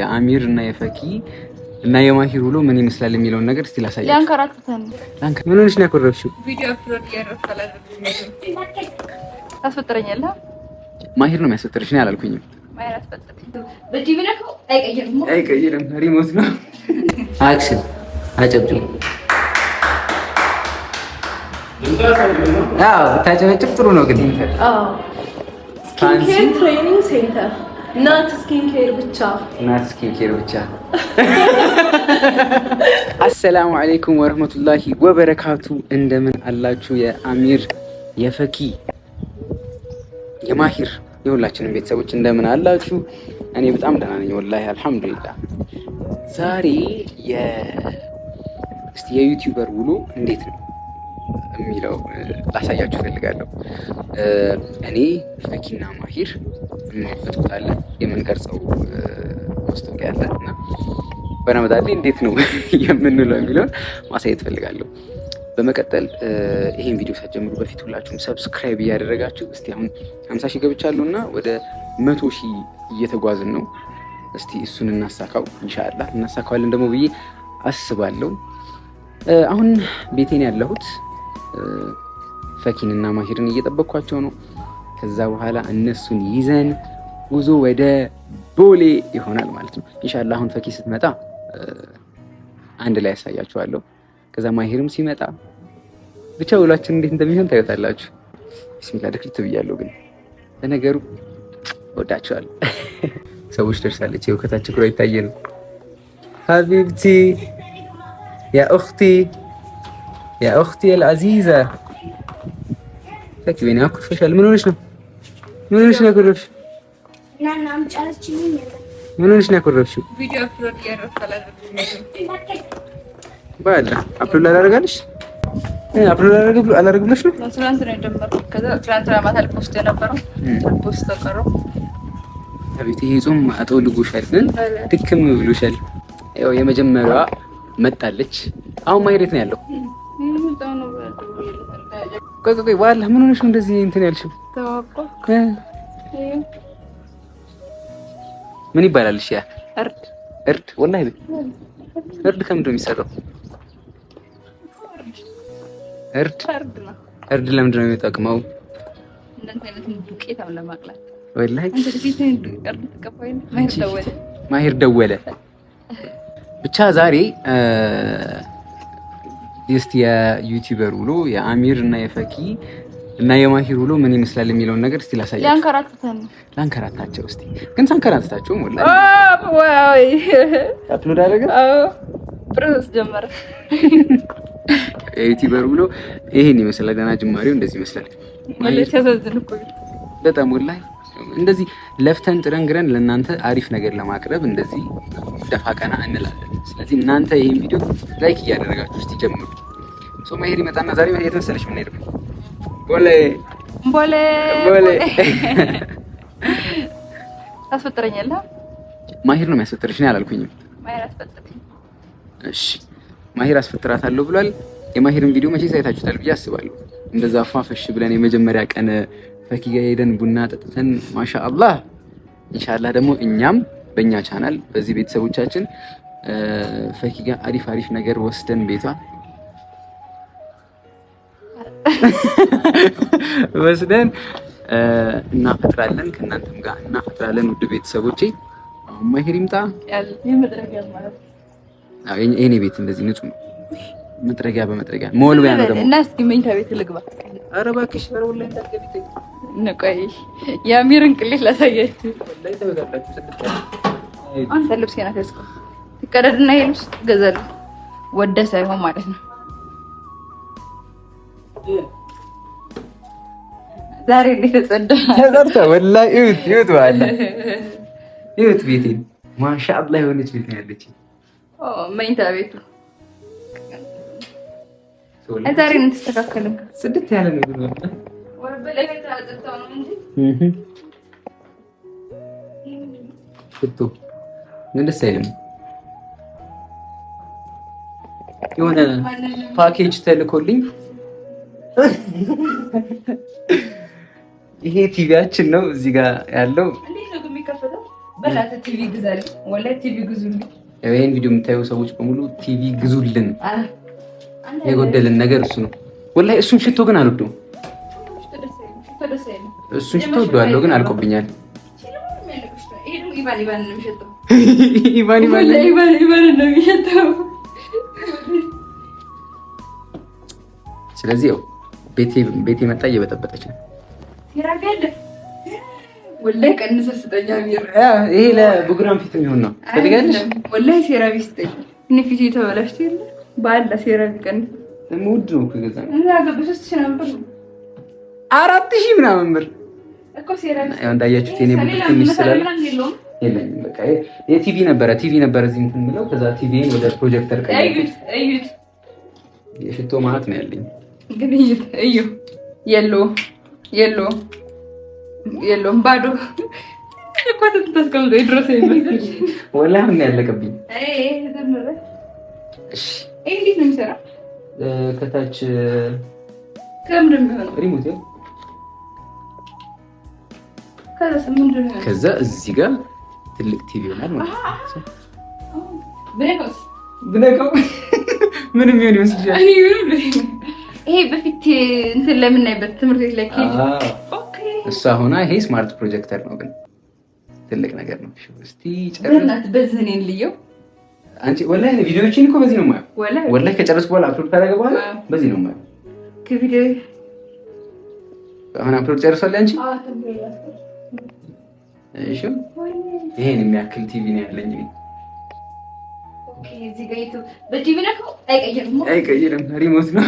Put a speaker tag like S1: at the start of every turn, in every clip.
S1: የአሚር እና የፈኪ እና የማሂር ውሎ ምን ይመስላል የሚለውን ነገር እስቲ ላሳያችሁ። ምን ሆነሽ ነው ያኮረፍሽው?
S2: ታስፈጥረኛለህ።
S1: ማሂር ነው የሚያስፈጥርሽ፣ እኔ አላልኩኝም። አይቀይርም፣ ሪሞት ነው። አክሽን አጨብጭ ታጨበጭብ ጥሩ ነው ግን
S2: ፋንሲ ትሬኒንግ ሴንተር ናት ስኪን ኬር ብቻ
S1: ናት ስኪን ኬር ብቻ። አሰላሙ አለይኩም ወረህመቱላሂ ወበረካቱ። እንደምን አላችሁ? የአሚር የፈኪ የማሂር የሁላችንም ቤተሰቦች እንደምን አላችሁ? እኔ በጣም ደህና ነኝ ወላሂ አልሐምዱሊላህ። ዛሬ የዩቲዩበር ውሎ እንዴት ነው የሚለው ላሳያችሁ እፈልጋለሁ። እኔ ፈኪና ማሂር የማውበት ቦታ አለ የምንቀርጸው ማስታወቂያ አለ እና በረመዳን እንዴት ነው የምንለው የሚለውን ማሳየት እፈልጋለሁ። በመቀጠል ይሄን ቪዲዮ ሳትጀምሩ በፊት ሁላችሁም ሰብስክራይብ እያደረጋችሁ እስቲ አሁን ሀምሳ ሺህ ገብቻለሁ እና ወደ መቶ ሺህ እየተጓዝን ነው። እስቲ እሱን እናሳካው እንሻላ እናሳካዋለን ደግሞ ብዬ አስባለሁ። አሁን ቤቴን ያለሁት ፈኪን እና ማሂርን እየጠበቅኳቸው ነው። ከዛ በኋላ እነሱን ይዘን ጉዞ ወደ ቦሌ ይሆናል ማለት ነው። እንሻላ አሁን ፈኪ ስትመጣ አንድ ላይ ያሳያችኋለሁ። ከዛ ማሄርም ሲመጣ ብቻ ውሏችን እንዴት እንደሚሆን ታዩታላችሁ። ቢስሚላ ድክልት ብያለሁ፣ ግን ለነገሩ ወዳቸዋል ሰዎች ደርሳለች። የውከታቸው ይታየ ነው ሀቢብቲ ያ ያ እኽቲ አልዓዚዛ ተክቢን አኩርፈሻል። ምን ሆነሽ ነው? ምን ሆነሽ ነው ያኮረፍሽ? ምን ሆነሽ ነው ያኮረፍሽው? በአላ አፕሎድ አላደርጋለሽ አፕሎድ አላደርግ ብለሽ ነው?
S2: ትናንት ነው የጀመርኩት። ከዛ ትናንትና ማታ ልፖስት የነበረው ፖስት ተቀረው።
S1: አቤት ይሄ ጾም አጠውልጎሻል፣ ድክም ብሎሻል። ያው የመጀመሪያዋ መጣለች። አሁን ማሄድ የት ነው ያለው? ቆይ ቆይ፣ በኋላ ምን ሆነሽ ነው እንደዚህ እንትን ያልሽው? ምን ይባላል? እሺ፣ ያ እርድ እርድ፣ ወላሂ እርድ ከምንድን ነው የሚሰራው? እርድ እርድ ለምንድን ነው የሚጠቅመው? ማሄር ደወለ ብቻ ዛሬ ቴስት የዩቲዩበር ውሎ የአሚር እና የፈኪ እና የማሂር ውሎ ምን ይመስላል የሚለውን ነገር እስቲ
S2: ላሳያችሁ።
S1: ላንከራታቸው እስቲ ግን ሳንከራታቸው ሞላ አፕሎድ አደረገ
S2: ፕሮሰስ ጀመረ።
S1: የዩቲዩበር ውሎ ይሄን ይመስላል። ገና ጅማሬው እንደዚህ ይመስላል። በጣም ወላሂ እንደዚህ ለፍተን ጥረን ግረን ለእናንተ አሪፍ ነገር ለማቅረብ እንደዚህ ደፋ ቀና እንላለን። ስለዚህ እናንተ ይህን ቪዲዮ ላይክ እያደረጋችሁ እስቲ ጀምሩ። ሶ መሄድ ይመጣና ዛሬ የት መሰለሽ የምንሄድ ቦሌ ቦሌ ቦሌ
S2: ታስፈጥረኛለህ።
S1: ማሄር ነው የሚያስፈጥርሽ፣ እኔ አላልኩኝም።
S2: ማሄር አስፈጥረኝ።
S1: እሺ አስፈጥራታለሁ ብሏል። የማሄርን ቪዲዮ መቼ ሳይታችሁታል ብዬ አስባለሁ። እንደዛ ፏፈሽ ብለን የመጀመሪያ ቀን ፈኪጋ ሄደን ቡና ጠጥተን ማሻአላህ ኢንሻአላህ ደግሞ እኛም በእኛ ቻናል በዚህ ቤተሰቦቻችን ፈኪጋ አሪፍ አሪፍ ነገር ወስደን ቤቷ ወስደን እናፈጥራለን። ከእናንተም ጋር እናፈጥራለን። ውድ ቤተሰቦቼ አሁን ማሄር ይምጣ።
S2: የኔ ቤት እንደዚህ ንጹህ ነው። መጥረጊያ በመጥረጊያ መወልወያ ነው ደግሞ እና እስኪ መኝታ ቤት ልግባ። ኧረ እባክሽ ንቆይ የአሚርን ቅሌት ላሳያችሁ። አንተ ልብስ ናት ያዝከው ትቀደድና ይሄ ልብስ ትገዛለህ ወደ ሳይሆን ማለት ነው። ዛሬ እንዴት ተጸዳ ተጸዳ። ወላሂ እዩት፣ እዩት፣ ባለ እዩት። ቤቴ ማሻአላህ የሆነች ቤት ያለች። መኝታ ቤቱ ዛሬ እንተስተካከለ ስድስት ያለ ነው ሽቶ ግን ደስ አይልም። የሆነ ፓኬጅ ተልኮልኝ ይሄ ቲቪያችን ነው እዚህ ጋር ያለው። ይህን ቪዲዮ የምታዩ ሰዎች በሙሉ ቲቪ ግዙልን። የጎደልን ነገር እሱ ነው። ወላሂ እሱን ሽቶ ግን አልወደውም። እሱን ሽቶ ወደዋለሁ ግን አልቆብኛል። ኢቫን ኢቫን ነው የሚሸጠው። ኢቫን ነው የሚሸጠው። ስለዚህ ያው ቤቴ መጣ እየበጠበጠች ነው። ወላሂ ቀንሰ ስጠኛ። ይሄ ለቡግራም ፊት የሚሆን ነው። ትፈልጋለሽ? ወላሂ ስጠኝ። እኔ ፊት የለ ውድ ነው ከገዛ አራት ሺህ ምናምን ብር እንዳያችሁት የኔ ቡድን ትንሽ ስላለ የለኝም። በቃ የቲቪ ነበረ ቲቪ ነበረ እዚህ እንትን የምለው ከዛ ቲቪ ወደ ፕሮጀክተር ቀይሩት። እዩት፣ የሽቶ ማለት ነው ያለኝ ግን እዩ፣ የሎ የሎ የሎም ባዶ ኳተት ተስቀምጦ የድሮ ወላ ምን ያለቀብኝ። እሺ እንዴት ነው ከታች ከምድር ነው ሪሞት ከዛ እዚህ ጋር ትልቅ ቲቪ ይሆናል ማለት ነው። ብነቀው ምንም ይሆን ይመስልሻል? ይሄ በፊት እንትን ለምናይበት ትምህርት ቤት ላይ እሷ ሆና ይሄ ስማርት ፕሮጀክተር ነው፣ ግን ትልቅ ነገር ነው። እስቲ ጨርስ በዚህ እኔን ልየው አንቺ ወላሂ ቪዲዮዎችን እኮ በዚህ ነው የማየው። ወላሂ ከጨረስኩ በኋላ አፕሎድ ካደረገ በኋላ በዚህ ነው የማየው። ከቪዲዮ አሁን አፕሎድ ጨርሷል አንቺ ይሄን የሚያክል ቲቪ ነው ያለኝ። ኦኬ እዚህ ጋር ይቱ በቲቪ ነው ሪሞት ነው።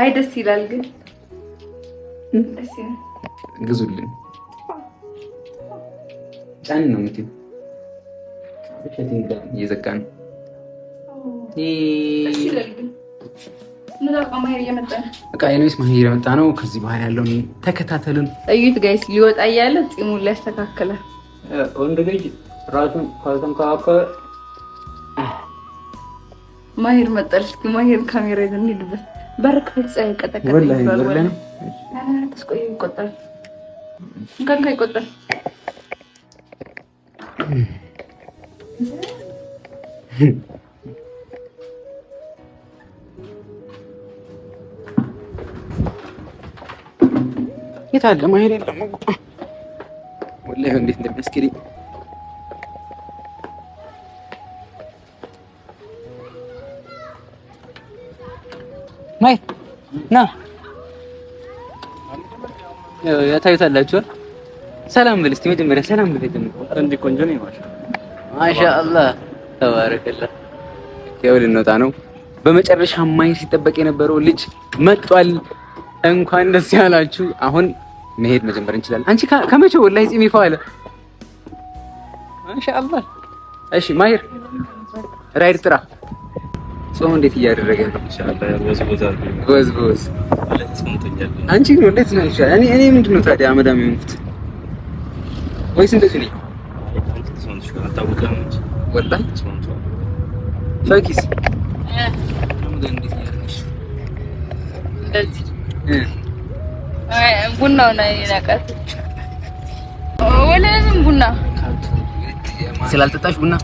S2: አይ ደስ ይላል ግን ግዙልን ጫን ነው የምትይው እየዘጋ ነው። በቃ ኤልቤስ ማሄር የመጣ ነው። ከዚህ በኋላ ያለውን ተከታተልን። እዩት ጋይስ፣ ሊወጣ እያለ ጢሙን ሊያስተካክላል። ወንድ ልጅ ራሱን ካልተንከባከበ ማሄር መጣል። እስኪ ማሄር ካሜራ ይዘን እንሂድበት። በር ክፍል ቀጠቀጠ ይቆጣል እንከንካ እንዴት አለ ማሄድ የለም እኮ ወላሂ እንዴት እንደሚያስኬደኝ ማይ ና ያታዩታላችሁ። ሰላም ብል እስቲ መጀመሪያ ሰላም ብል እንዴ፣ ቆንጆ ነው። ማሻአላ ተባረከላ። ያው ልንወጣ ነው። በመጨረሻ ማይ ሲጠበቅ የነበረው ልጅ መጥቷል። እንኳን ደስ ያላችሁ አሁን መሄድ መጀመር እንችላለን። አንቺ ከመቼው ወላሂ ጺም ይፋ አለ። ማሻአላህ። እሺ ማሂር ራይድ ጥራ። ጾም እንዴት እያደረገ ነው? ጎዝ ጎዝ። አንቺ ግን እንዴት ነው እኔ እኔ ምንድን ነው ታዲያ አመዳም የሆንኩት ወይስ እንደዚህ ወላሂ ፈኪስ እንደዚህ ቡናው ነው የናቃት። ወለዝም ቡና ስላልጠጣሽ ቡና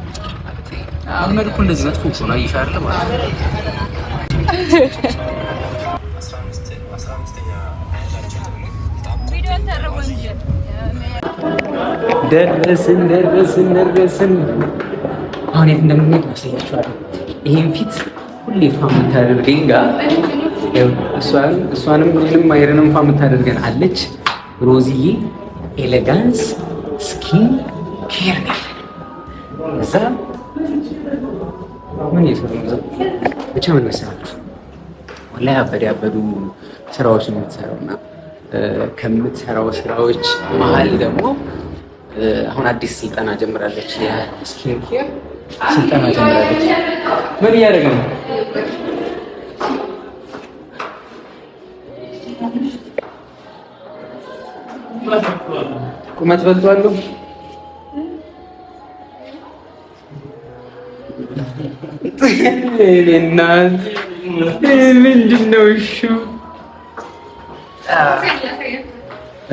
S2: አህመድ እኮ እንደዚህ መጥፎ እኮ ነው። ይሻር ማለት ደረስን ደረስን ደረስን። አሁን የት እንደምንሄድ መስለኛችኋል? ይሄን ፊት ሁሌ ፋም ታደርገኝ ጋር እሷንም ብሩንም አይረን እንኳን የምታደርገን አለች። ሮዚዬ ኤሌጋንስ ስኪን ኬር እዛ ምን ብቻ ምን መሰላችሁ ወላሂ ያበደ ያበዱ ስራዎች ነው የምትሰራው እና ከምትሰራው ስራዎች መሀል ደግሞ አሁን አዲስ ስልጠና ጀምራለች። ስኪን ኬር ስልጠና ጀምራለች። ምን እያደረገ ነው? ቁመት በልቷለሁ። እናት ምንድን ነው?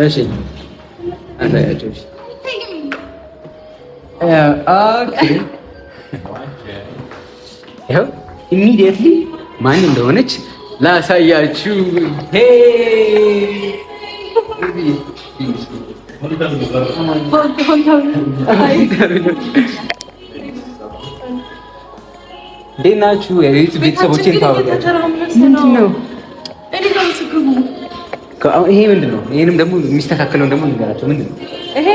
S2: እሺ ይኸው ኢሚዲየትሊ ማን እንደሆነች ላሳያችሁ። እንዴት ናችሁ? የቤት ቤተሰቦቼን ታወቃላችሁ። ይሄ ምንድን ነው? ይሄንም ደግሞ የሚስተካከለውን ደግሞ ንገራቸው። ምንድን ነው ይሄ?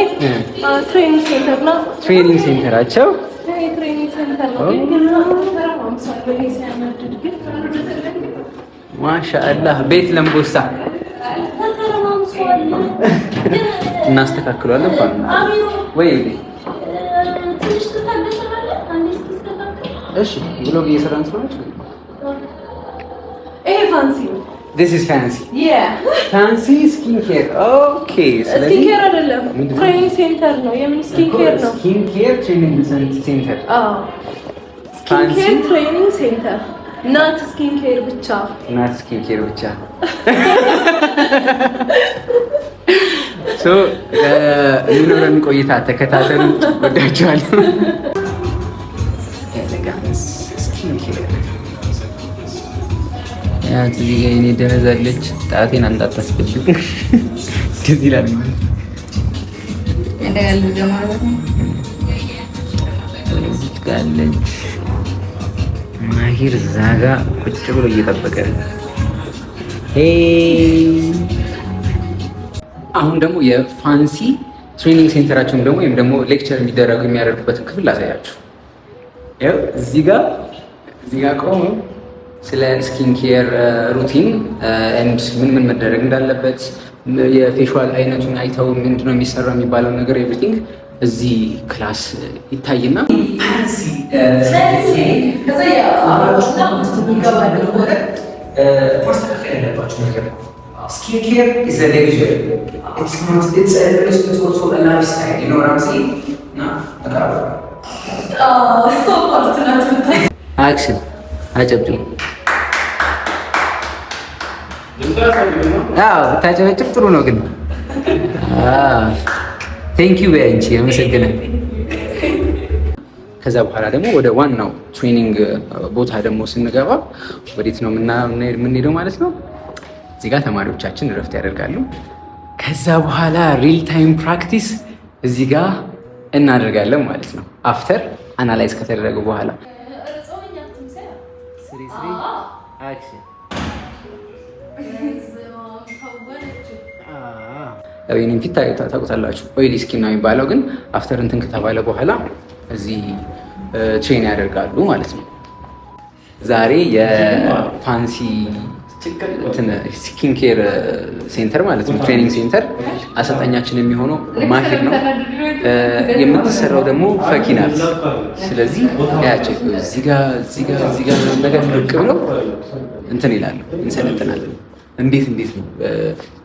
S2: ትሬኒንግ ሴንተራቸው ማሻአላህ ቤት ለምቦሳ እናስተካክሏለን ወይ እሺ ብሎግ እየሰራን ስለሆነ ይሄ ፋንሲ ዲስ ኢዝ ፋንሲ ፋንሲ ስኪን ኬር ኦኬ። ስለዚህ ስኪን ኬር አይደለም ትሬኒንግ ሴንተር ነው። የምን ስኪን ኬር ነው? ስኪን ኬር ትሬኒንግ ሴንተር። አዎ ስኪን ኬር ትሬኒንግ ሴንተር ናት ስኪን ኬር ብቻ ናት ስኪን ኬር ብቻ። ሶ የሚኖረን ቆይታ ተከታተሉ። ወዳችኋል። እዚህ ጋ የኔ ደነዛለች። ጣቴን አንጣታስፈልግ ደዚ ይላል እንደጋለ ማሂር ዛጋ ቁጭ ብሎ እየጠበቀ አሁን ደግሞ የፋንሲ ትሬኒንግ ሴንተራቸውን ደግሞ ወይም ደግሞ ሌክቸር የሚደረጉ የሚያደርጉበትን ክፍል ላሳያችሁ። እዚህ ጋር እዚህ ጋር ቆሙ ስለ ስኪን ኬር ሩቲን ኤንድ ምን ምን መደረግ እንዳለበት የፌሻል አይነቱን አይተው ምንድነው የሚሰራው የሚባለው ነገር ኤቭሪቲንግ እዚህ ክላስ ይታይና አክሽን አጨብጭም ብታጨበጭብ ጥሩ ነው ግን ቴንክ ዩ በያንቺ አመሰግነ። ከዛ በኋላ ደግሞ ወደ ዋናው ትሬኒንግ uh, ቦታ ደግሞ ስንገባ ወዴት ነው የምንሄደው ማለት ነው። እዚህ ጋር ተማሪዎቻችን እረፍት ያደርጋሉ። ከዛ በኋላ ሪል ታይም ፕራክቲስ እዚህ ጋር እናደርጋለን ማለት ነው። አፍተር አናላይዝ ከተደረገ በኋላ uh, ወይም ፊት ታውቁታላችሁ። ኦይል ስኪን ነው የሚባለው። ግን አፍተር እንትን ከተባለ በኋላ እዚህ ትሬን ያደርጋሉ ማለት ነው። ዛሬ የፋንሲ ስኪን ኬር ሴንተር ማለት ነው ትሬኒንግ ሴንተር አሰልጣኛችን የሚሆነው ማሄር ነው። የምትሰራው ደግሞ ፈኪ ናት። ስለዚህ ያቸው እዚህ ጋ እዚህ ነገር ብቅ ብለው እንትን ይላሉ፣ እንሰለጥናለን እንዴት እንዴት ነው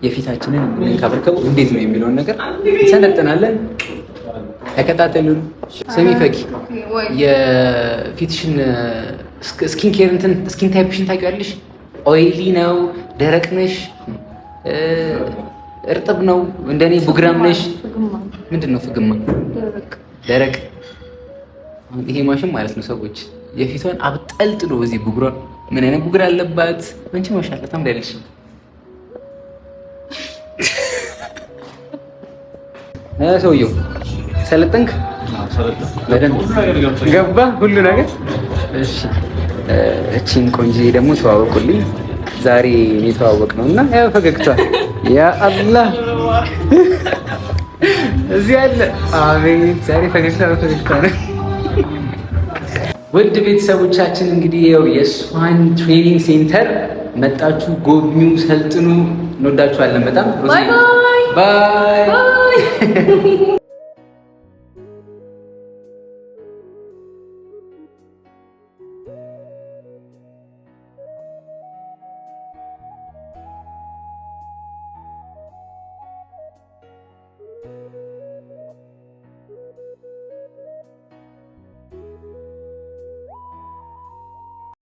S2: የፊታችንን የምንከብርከው እንዴት ነው የሚለውን ነገር እንሰለጥናለን። ተከታተሉን። ስሚ ፈኪ፣ የፊትሽን ስኪን ኬር እንትን ስኪን ታይፕሽን ታውቂዋለሽ? ኦይሊ ነው፣ ደረቅ ነሽ፣ እርጥብ ነው፣ እንደኔ ቡግራም ነሽ። ምንድን ነው ፍግማ? ደረቅ። ይሄ ማሽን ማለት ነው ሰዎች የፊቷን አብጠልጥሎ እዚህ ቡግሯን ምን አይነት ጉግር አለባት? አንቺ ማሻአላ ታምሪያለሽ። ሰውየው ሰለጠንክ፣ ገባ ሁሉ ነገር። እሺ እቺን ቆንጆ ደግሞ ተዋወቁልኝ። ዛሬ የተዋወቅ ነው እና ያው ፈገግታ ያ አላህ እዚህ አለ። አቤት ዛሬ ፈገግታ በፈገግታ ነው። ውድ ቤተሰቦቻችን እንግዲህ ያው የእሷን ትሬኒንግ ሴንተር መጣችሁ ጎብኙ፣ ሰልጥኑ። እንወዳችኋለን በጣም Bye. Bye.